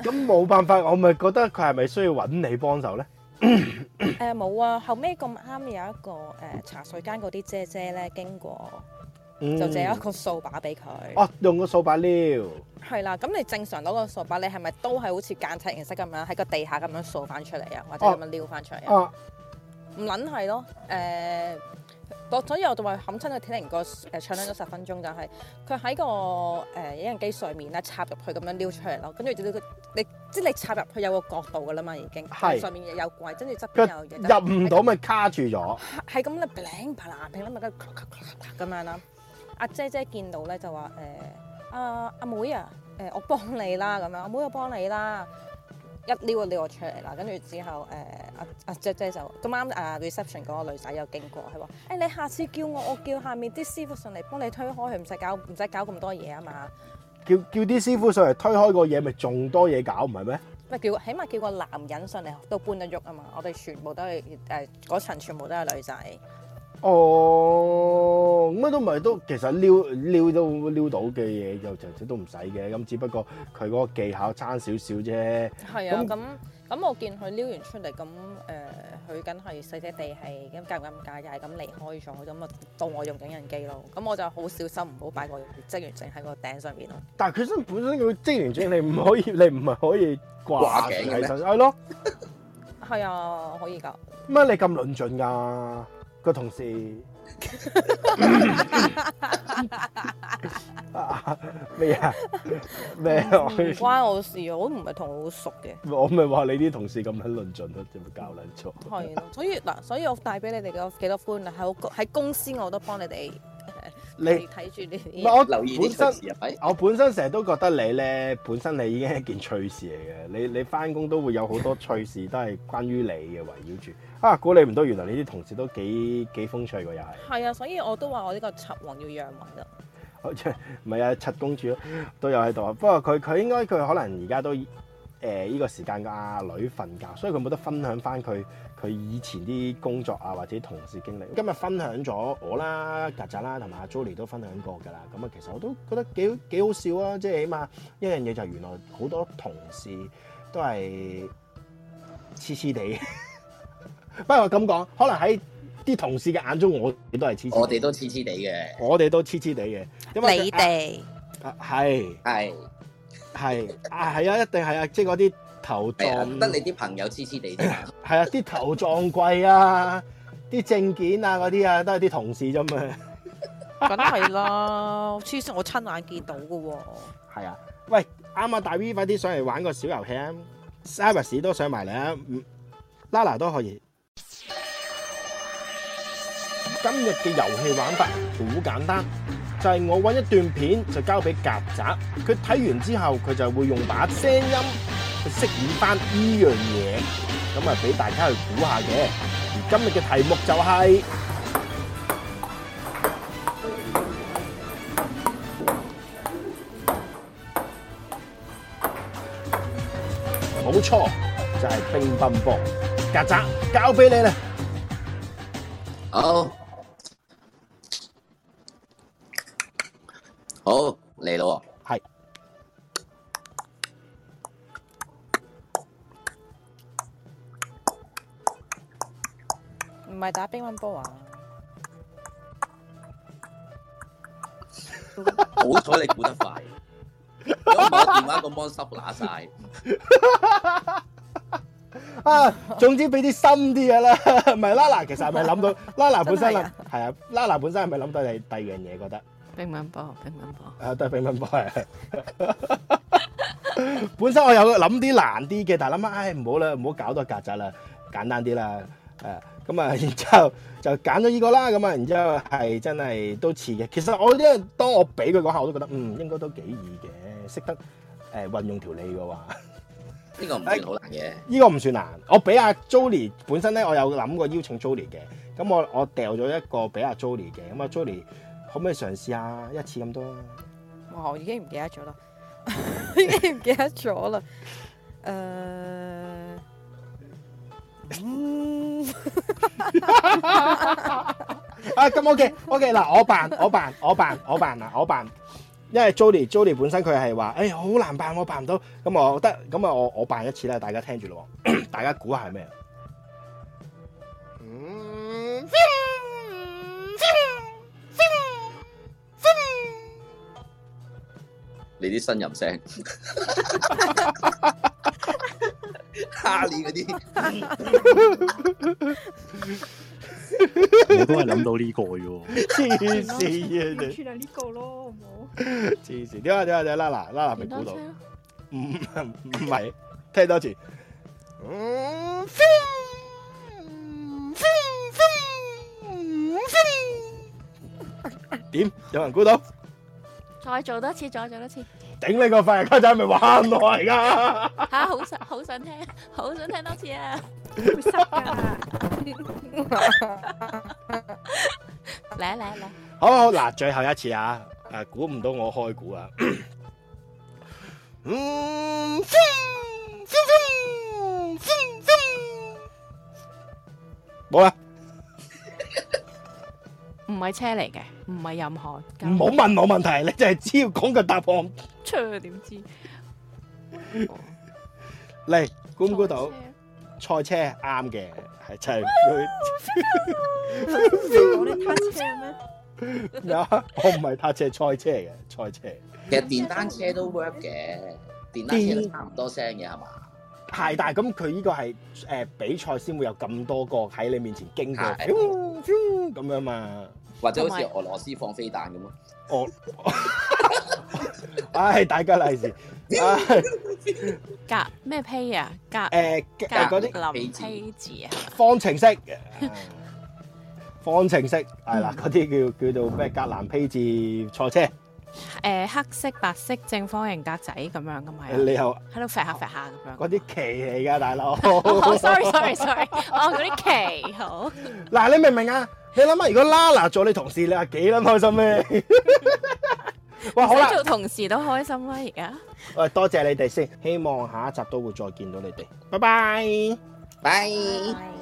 咁冇 辦法，我咪覺得佢係咪需要揾你幫手咧？誒、呃，冇啊！後尾咁啱有一個誒、呃、茶水間嗰啲姐姐咧，經過就借一個掃把俾佢、嗯。哦，用個掃把撩。係啦，咁你正常攞個掃把，你係咪都係好似間尺形式咁樣喺個地下咁樣掃翻出嚟啊？或者咁樣撩翻出嚟啊？唔撚係咯，誒、呃，落咗又就話冚親個鐵鈴個誒，唱咗十分鐘，就是，就係佢喺個誒影印機上面咧插入去咁樣撩出嚟咯，跟住你。即係你插入去有個角度㗎啦嘛，已經上面有櫃，跟住側邊有嘢，入唔到咪卡住咗。係咁啦，擸啦擸咁樣啦。阿姐姐見到咧就話誒，阿、哎、阿、啊、妹啊，誒我幫你啦咁樣，阿、啊、妹啊我幫你啦。一撩啊撩我出嚟啦，跟住之後誒，阿、啊、阿姐姐就咁啱啊，啊，reception 嗰個女仔又經過，佢話誒你下次叫我，我叫下面啲師傅上嚟幫你推開，佢唔使搞唔使搞咁多嘢啊嘛。叫叫啲師傅上嚟推開個嘢，咪仲多嘢搞唔係咩？唔叫，起碼叫個男人上嚟都搬得喐啊嘛！我哋全部都係誒嗰層，全部都係女仔。哦，咁都唔係都，其實撩撩都撩到嘅嘢，又其實都唔使嘅。咁只不過佢嗰個技巧差少少啫。係啊，咁咁我見佢撩完出嚟，咁誒佢梗係細細地係咁加唔加唔加嘅，咁離開咗咁啊到我用緊影印機咯。咁我就好小心，唔好擺個職員證喺個頂上面咯。但係佢身本身個職員證，你唔可以，你唔係可以掛住喺頸係咯。係啊，可以㗎。乜你咁論盡㗎？個同事，咩啊咩？關我事啊！我都唔係同佢好熟嘅。我唔係話你啲同事咁撚論盡咯，有冇教撚錯？係 所以嗱，所以我帶俾你哋嘅幾多歡啊，喺喺公司我都幫你哋。 你睇住你，我留意啲趣事啊，我本身成日都覺得你咧，本身你已經係一件趣事嚟嘅。你你翻工都會有好多趣事，都係關於你嘅圍繞住。啊，估你唔到，原來你啲同事都幾幾風趣嘅又係。係啊，所以我都話我呢個七王要讓位啦。好似唔係啊，七公主都都有喺度，啊。不過佢佢應該佢可能而家都誒呢、呃呢個時間個阿、呃、女瞓覺，所以佢冇得分享翻佢。佢以前啲工作啊，或者同事經歷，今日分享咗我啦、曱甴啦同埋阿 Jolie 都分享過噶啦。咁啊，其實我都覺得幾幾好笑啊！即係起碼一樣嘢就係原來好多同事都係黐黐地， 不如咁講，可能喺啲同事嘅眼中，我哋都係黐黐地，我哋都黐黐地嘅，我哋都黐黐地嘅，因為你哋啊，係係係啊，係啊，一定係啊，即係嗰啲。頭撞得你啲朋友黐黐地，係啊！啲頭撞鬼啊，啲證件啊嗰啲啊，都係啲同事啫嘛。梗係啦，黐線，我親眼見到噶喎。係啊，喂，啱啊，大 V 快啲上嚟玩個小遊戲啊！Service 都上埋嚟，Lala 都可以。今日嘅遊戲玩法好簡單，就係我搵一段片，就交俾曱甴，佢睇完之後，佢就會用把聲音。飾演翻呢樣嘢，咁啊俾大家去估下嘅。而今日嘅題目就係，冇錯就係乒乓波，曱甴交俾你啦。好，好嚟咯。唔係打乒乓波啊！好彩你估得快，如果唔係電話個 mon 濕乸晒啊！總之俾啲深啲嘅啦，唔係嗱嗱，其實係咪諗到嗱嗱，本身係啊？嗱嗱，本身係咪諗到你第二樣嘢？覺得乒乓波，乒乓波啊，都係乒乓波係。 本身我有諗啲難啲嘅，但係諗啊，唉，唔好啦，唔好搞多曱甴啦，簡單啲啦，誒。咁啊、這個，然之後就揀咗呢個啦，咁啊，然之後係真係都似嘅。其實我咧，當我俾佢講下，我都覺得嗯應該都幾易嘅，識得誒、呃、運用條脷嘅話，呢、這個唔係好難嘅。呢、這個唔算難，我俾阿 Jolie 本身咧，我有諗過邀請 Jolie 嘅。咁我我掉咗一個俾阿 Jolie 嘅，咁阿 Jolie 可唔可以嘗試下一次咁多？哇！我已經唔記得咗啦，唔 記得咗啦，誒、uh...～ 啊咁 OK，OK 嗱，我扮我扮我扮我扮嗱，我扮， 因為 Jody Jody 本身佢係話，哎、欸、好難扮我，我，扮唔到，咁我覺得咁啊，我我扮一次啦，大家聽住咯，大家估下係咩？嗯，你啲新人聲。 哈利嗰啲， 我都係諗到呢個喲，黐線啊！全係呢個咯，好唔好？黐線，點啊點啊，點拉拉拉拉咪估到？唔唔係，聽多次，點？有人估到？再做多次，再做多次。頂你這個肺，家仔咪玩我而家吓，好想好想聽，好想聽多次啊！嚟嚟嚟！好嗱，最後一次啊！誒、啊，估唔到我開估啊！唔 z o 冇啦，唔 係車嚟嘅，唔係任何，唔好問我問題，你就係只要講嘅答案。點知？嚟估唔估到？賽車啱嘅，係真係佢。就是、 我呢踏車咩？有，我唔係踏車，賽車嘅賽車。其實電單車都 work 嘅，電單車都差唔多聲嘅係嘛？係、嗯，但係咁佢呢個係誒比賽先會有咁多個喺你面前經過，咁、嗯呃呃呃、樣嘛？或者好似俄羅斯放飛彈咁咯。Oh 唉、 哎，大個例、哎啊呃呃、子，格咩胚啊？格誒，嗰啲林胚字啊，方程式，啊、 方程式係啦，嗰啲叫叫做咩？格蘭披治坐車，誒、呃，黑色白色正方形格仔咁樣噶嘛、呃？你好，喺度甩下甩下咁樣？嗰啲棋嚟噶，大佬。哦、 oh, oh,，sorry，sorry，sorry sorry, oh, 些。哦，嗰啲棋好。嗱，你明唔明啊？ 你諗下，如果拉拉做你同事，你係幾咁開心咩、啊？ 哇，好啦，做同事都開心啦，而家。我哋多謝你哋先，希望下一集都會再見到你哋。拜拜，拜，拜。Bye. Bye.